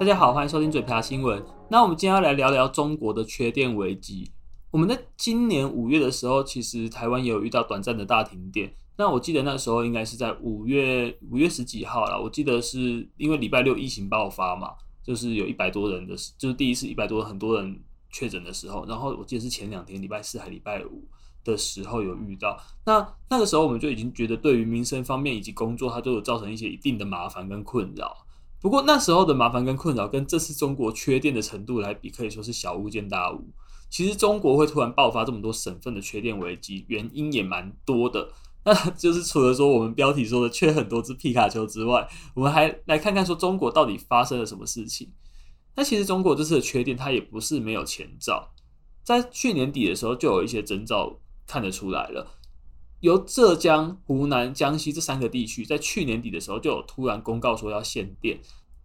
大家好，歡迎收聽嘴 ㄆㄧㄚˊ 新聞。那我們今天要來聊聊中國的缺電危機。我們在今年五月的時候，其實台灣也有遇到短暫的大停電。那我記得那時候應該是在五月五月十幾號了。我記得是因為禮拜六疫情爆發嘛，就是有一百多人的，就是第一次一百多人很多人確診的時候。然後我記得是前兩天禮拜四還禮拜五的時候有遇到。那那個時候我們就已經覺得，對於民生方面以及工作，它都有造成一些一定的麻煩跟困擾。不過那時候的麻煩跟困擾，跟這次中國缺電的程度來比，可以說是小巫見大巫。其實中國會突然爆發這麼多省份的缺電危機，原因也蠻多的。那就是除了說我們標題說的缺很多隻皮卡丘之外，我們還來看看說中國到底發生了什麼事情。那其實中國這次的缺電，它也不是沒有前兆，在去年底的時候就有一些徵兆看得出來了。由浙江、湖南、江西這三個地區，在去年底的時候就有突然公告說要限電，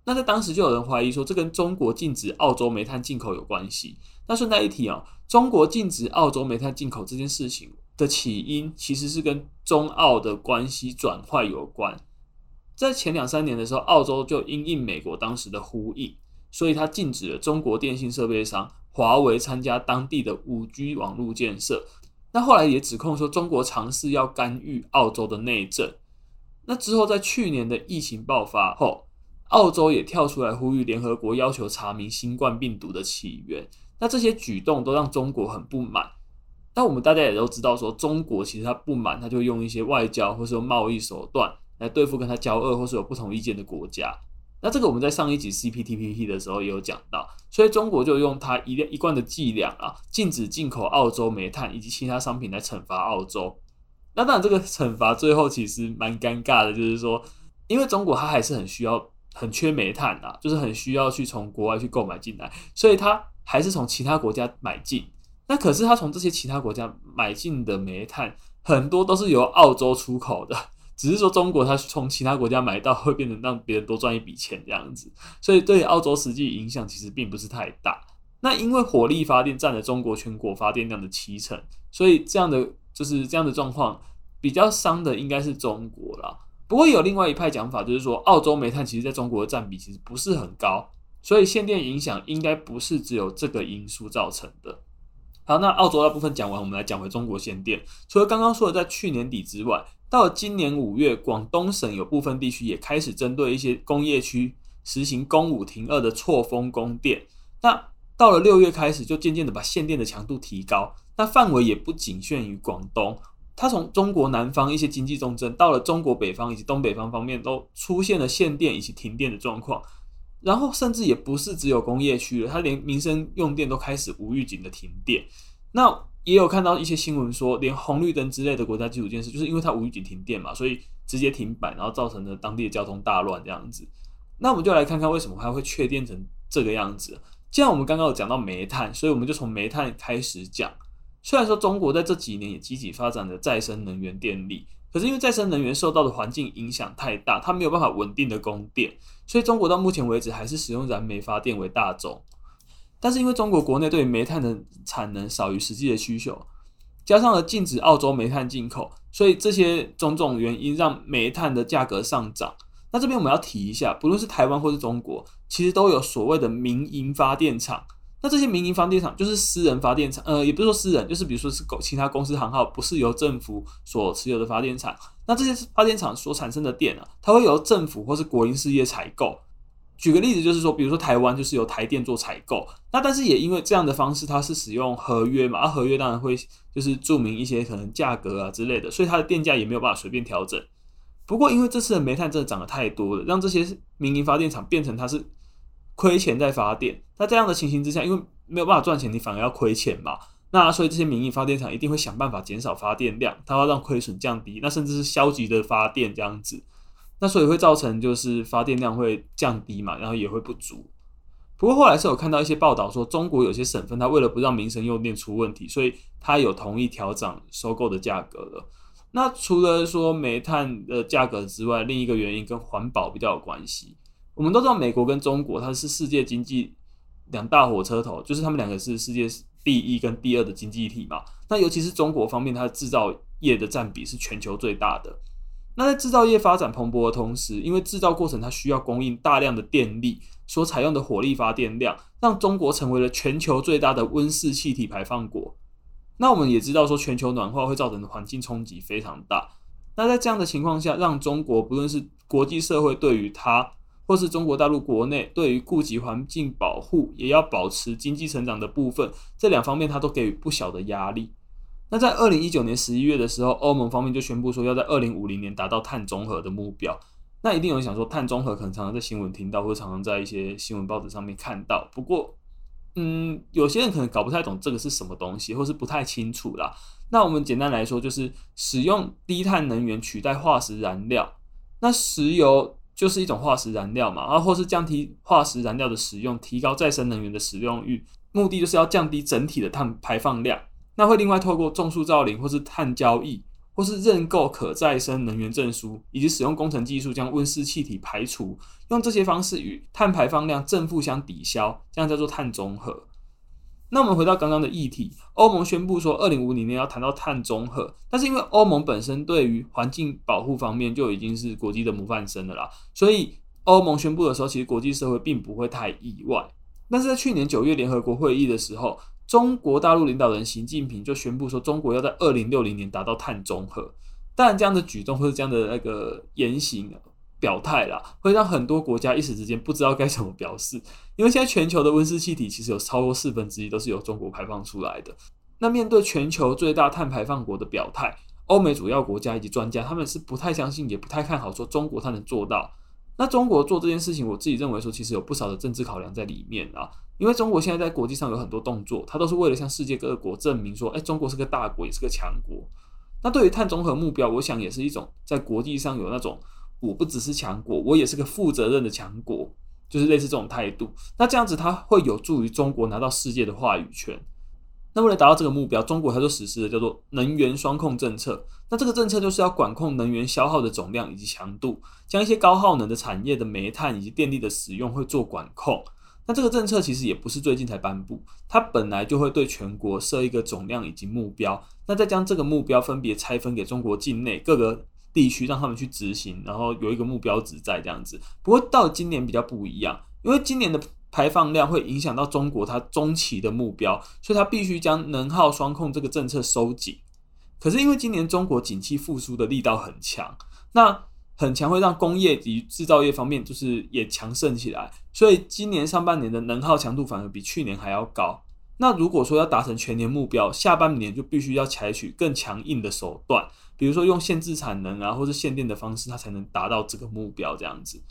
那在當時就有人懷疑說，這跟中國禁止澳洲煤炭進口有關係。那順帶一提哦，中國禁止澳洲煤炭進口這件事情的起因，其實是跟中澳的關係轉壞有關。在前兩三年的時候，澳洲就因應美國當時的呼籲，所以它禁止了中國電信設備商華為參加當地的五 G 網絡建設。那後來也指控說，中國嘗試要干預澳洲的內政。那之後，在去年的疫情爆發後，澳洲也跳出來呼籲聯合國要求查明新冠病毒的起源。那這些舉動都讓中國很不滿。那我們大家也都知道，說中國其實他不滿，他就用一些外交或是貿易手段來對付跟他交惡或是有不同意見的國家。那這個我們在上一集 CPTPP 的時候也有講到，所以中國就用它一一貫的伎倆啊，禁止進口澳洲煤炭以及其他商品來懲罰澳洲。那當然，這個懲罰最後其實蠻尷尬的，就是說，因為中國它還是很需要、很缺煤炭啊，就是很需要去從國外去購買進來，所以它還是從其他國家買進。那可是它從這些其他國家買進的煤炭，很多都是由澳洲出口的。只是說中國它從其他國家買到會變成讓別人多賺一筆錢這樣子，所以對澳洲實際影響其實並不是太大。那因為火力發電占了中國全國發電量的七成，所以這樣的就是這樣的狀況比較傷的應該是中國啦。不過有另外一派講法，就是說澳洲煤炭其實在中國的占比其實不是很高，所以限電影響應該不是只有這個因素造成的。好，那澳洲那部分講完，我們來講回中國限電。除了剛剛說的在去年底之外。到今年五月，廣東省有部分地區也開始針對一些工業區實行“供五停二”的錯峰供電。那到了六月開始，就漸漸的把限電的強度提高。那範圍也不僅限於廣東，它從中國南方一些經濟重鎮，到了中國北方以及東北方方面，都出現了限電以及停電的狀況。然後甚至也不是只有工業區了，它連民生用電都開始無預警的停電。那也有看到一些新聞說，連紅綠燈之類的國家基礎建設，就是因為它無預警停電嘛，所以直接停擺，然後造成了當地的交通大亂這樣子。那我們就來看看為什麼它會缺電成這個樣子。既然我們剛剛有講到煤炭，所以我們就從煤炭開始講。雖然說中國在這幾年也積極發展了再生能源電力，可是因為再生能源受到的環境影響太大，它沒有辦法穩定的供電，所以中國到目前為止還是使用燃煤發電為大宗。但是因為中國國內對煤炭的產能少於實際的需求，加上了禁止澳洲煤炭進口，所以這些種種原因讓煤炭的價格上漲。那這邊我們要提一下，不論是台灣或是中國，其實都有所謂的民營發電廠。那這些民營發電廠就是私人發電廠，呃，也不是說私人，就是比如說是狗，其他公司行號，不是由政府所持有的發電廠。那這些發電廠所產生的電啊，它會由政府或是國營事業採購。舉個例子，就是說，比如說台灣就是由台電做採購，那但是也因為這樣的方式，它是使用合約嘛，啊合約當然會就是注明一些可能價格啊之類的，所以它的電價也沒有辦法隨便調整。不過因為這次的煤炭真的漲得太多了，讓這些民營發電廠變成它是虧錢在發電。在這樣的情形之下，因為沒有辦法賺錢，你反而要虧錢嘛，那所以這些民營發電廠一定會想辦法減少發電量，它會讓虧損降低，那甚至是消極的發電這樣子。那所以會造成就是發電量會降低嘛，然後也會不足。不過後來是有看到一些報道說中國有些省份它為了不讓民生用電出問題，所以它有同意調整收購的價格了。那除了說煤炭的價格之外，另一個原因跟環保比較有關係。我們都知道，美國跟中國它是世界經濟兩大火車頭，就是他們兩個是世界第一跟第二的經濟體嘛。那尤其是中國方面，它的制造業的佔比是全球最大的。那在製造業發展蓬勃的同時，因為製造過程它需要供應大量的電力，所採用的火力發電量，讓中國成為了全球最大的溫室氣體排放國。那我們也知道說，全球暖化會造成環境衝擊非常大。那在這樣的情況下，讓中國不論是國際社會對於它，或是中國大陸國內對於顧及環境保護也要保持經濟成長的部分，這兩方面它都給予不小的壓力。那在二零一九年十一月的時候，歐盟方面就宣布說要在二零五零年達到碳中和的目標。那一定有人想說，碳中和可能常常在新聞聽到，或者常常在一些新聞報紙上面看到。不過，嗯，有些人可能搞不太懂這個是什麼東西，或是不太清楚啦。那我們簡單來說，就是使用低碳能源取代化石燃料。那石油就是一種化石燃料嘛，然後，啊，或是降低化石燃料的使用，提高再生能源的使用率，目的就是要降低整體的碳排放量。那會另外透過種樹造林，或是碳交易，或是認購可再生能源證書，以及使用工程技術將溫室氣體排除，用這些方式與碳排放量正負相抵消，這樣叫做碳中和。那我們回到剛剛的議題，歐盟宣布說二零五零年要談到碳中和，但是因為歐盟本身對於環境保護方面就已經是國際的模範生了啦，所以歐盟宣布的時候，其實國際社會並不會太意外。但是在去年九月聯合國會議的時候。中國大陸領導人習近平就宣布說，中國要在二零六零年達到碳中和。當然，這樣的舉動或者這樣的那個言行表態啦，會讓很多國家一時之間不知道該怎麼表示，因為現在全球的溫室氣體其實有超過四分之一都是由中國排放出來的。那面對全球最大碳排放國的表態，歐美主要國家以及專家他們是不太相信，也不太看好說中國他能做到。那中國做這件事情，我自己認為說，其實有不少的政治考量在裡面啊。因為中國現在在國際上有很多動作，它都是為了向世界各國證明說，哎、欸，中國是個大國，也是個強國。那對於碳中和目標，我想也是一種在國際上有那種我不只是強國，我也是個負責任的強國，就是類似這種態度。那這樣子，它會有助於中國拿到世界的話語權。那為了達到這個目標，中國它就實施了叫做“能源雙控”政策。那這個政策就是要管控能源消耗的總量以及強度，將一些高耗能的產業的煤炭以及電力的使用會做管控。那這個政策其實也不是最近才頒布，它本來就會對全國設一個總量以及目標，那再將這個目標分別拆分給中國境內各個地區，讓他們去執行，然後有一個目標值在這樣子。不過到今年比較不一樣，因為今年的。排放量會影響到中國它中期的目標，所以它必須將能耗雙控這個政策收緊。可是因為今年中國景氣復甦的力道很強，那很強會讓工業及製造業方面就是也強盛起來，所以今年上半年的能耗強度反而比去年還要高。那如果說要達成全年目標，下半年就必須要採取更強硬的手段，比如說用限制產能啊，或是限電的方式，它才能達到這個目標。這樣子。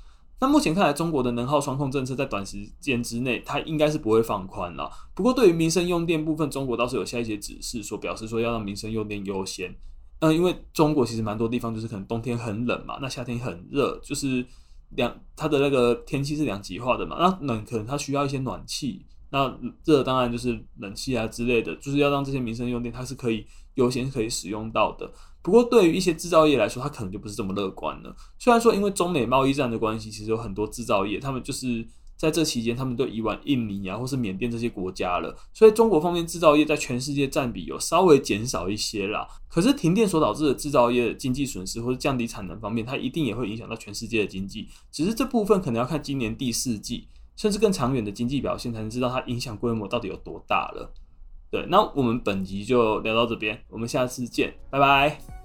那目前看來，中國的能耗雙控政策在短時間之內，它應該是不會放寬了。不過，對於民生用電部分，中國倒是有下一些指示，說表示說要讓民生用電優先。那、呃、因為中國其實蠻多地方就是可能冬天很冷嘛，那夏天很熱，就是兩它的那個天氣是兩極化的嘛。那冷可能它需要一些暖氣，那熱當然就是冷氣啊之類的，就是要讓這些民生用電它是可以。優先可以使用到的。不過，對於一些製造業來說，它可能就不是這麼樂觀了。雖然說，因為中美貿易戰的關係，其實有很多製造業，他們就是在這期間，他們都移往印尼啊，或是緬甸這些國家了。所以，中國方面製造業在全世界佔比有稍微減少一些啦。可是，停電所導致的製造業的經濟損失或是降低產能方面，它一定也會影響到全世界的經濟。只是這部分可能要看今年第四季，甚至更長遠的經濟表現，才能知道它影響規模到底有多大了。對，那我們本集就聊到這邊，我們下次見，拜拜。